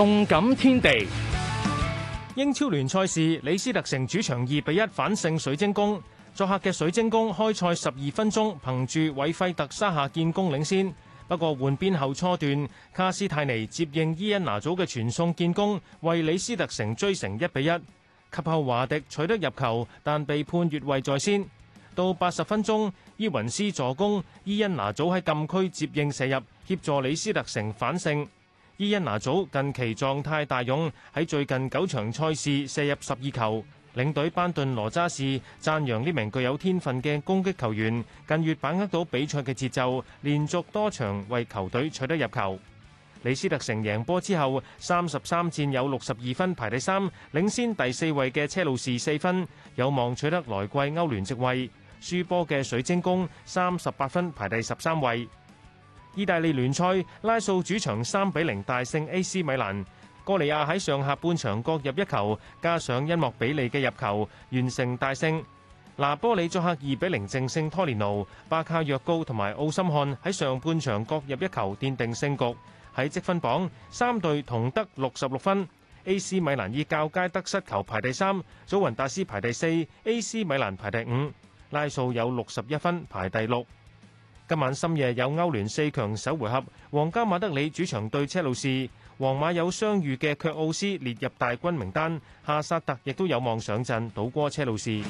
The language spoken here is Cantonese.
動感天地，英超聯賽事李斯特城主場二比一反勝水晶宮。作客嘅水晶宮開賽十二分鐘，憑住韋費特沙夏建功領先。不過換邊後初段，卡斯泰尼接應伊恩拿祖嘅傳送建功，為李斯特城追成一比一。及後華迪取得入球，但被判越位在先。到八十分鐘，伊雲斯助攻，伊恩拿祖喺禁區接應射入，協助李斯特城反勝。伊恩拿祖近期狀態大勇，喺最近九場賽事射入十二球。領隊班頓羅渣士讚揚呢名具有天分嘅攻擊球員，近月把握到比賽嘅節奏，連續多場為球隊取得入球。李斯特城贏波之後，三十三戰有六十二分排第三，領先第四位嘅車路士四分，有望取得來季歐聯席位。輸波嘅水晶宮三十八分排第十三位。意大利聯賽，拉素主場三比零大勝 A.C. 米蘭，哥利亞喺上下半場各入一球，加上恩莫比利嘅入球，完成大勝。拿波里做客二比零淨勝拖連奴，巴卡約高同埋奧森漢喺上半場各入一球，奠定勝局。喺積分榜，三隊同得六十六分，A.C. 米蘭以較佳得失球排第三，祖雲達斯排第四，A.C. 米蘭排第五，拉素有六十一分排第六。今晚深夜有歐聯四強首回合，皇家馬德里主場對車路士，皇馬有傷愈嘅卻奧斯列入大軍名單，哈薩特亦都有望上陣倒戈車路士。